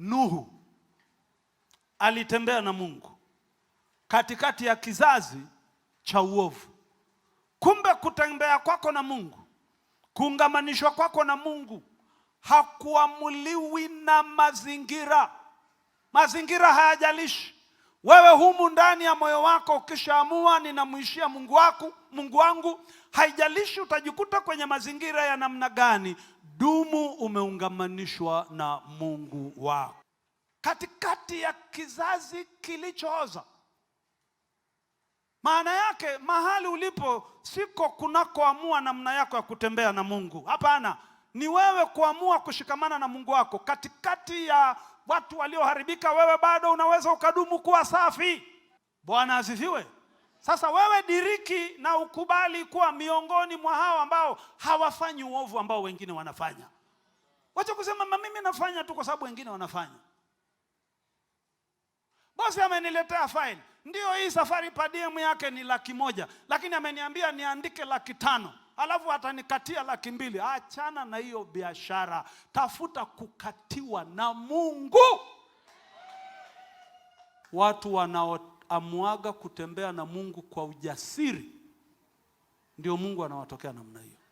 Nuhu alitembea na Mungu katikati ya kizazi cha uovu. Kumbe kutembea kwako na Mungu, kuungamanishwa kwako na Mungu hakuamuliwi na mazingira. Mazingira hayajalishi wewe, humu ndani ya moyo wako ukishaamua ninamwishia Mungu wako, Mungu wangu, haijalishi utajikuta kwenye mazingira ya namna gani, dumu umeungamanishwa na Mungu wako. Katikati ya kizazi kilichooza, maana yake mahali ulipo siko kunakoamua namna yako ya kutembea na Mungu. Hapana, ni wewe kuamua kushikamana na Mungu wako. Katikati ya watu walioharibika, wewe bado unaweza ukadumu kuwa safi. Bwana asifiwe. Sasa wewe diriki na ukubali kuwa miongoni mwa hao ambao hawafanyi uovu ambao wengine wanafanya. Wacha kusema mimi nafanya tu kwa sababu wengine wanafanya. Bosi ameniletea faili, ndio hii safari per diem yake ni laki moja, lakini ameniambia niandike laki tano alafu atanikatia laki mbili. Achana na hiyo biashara, tafuta kukatiwa na Mungu. Watu wanao amwaga kutembea na Mungu kwa ujasiri, ndio Mungu anawatokea namna hiyo.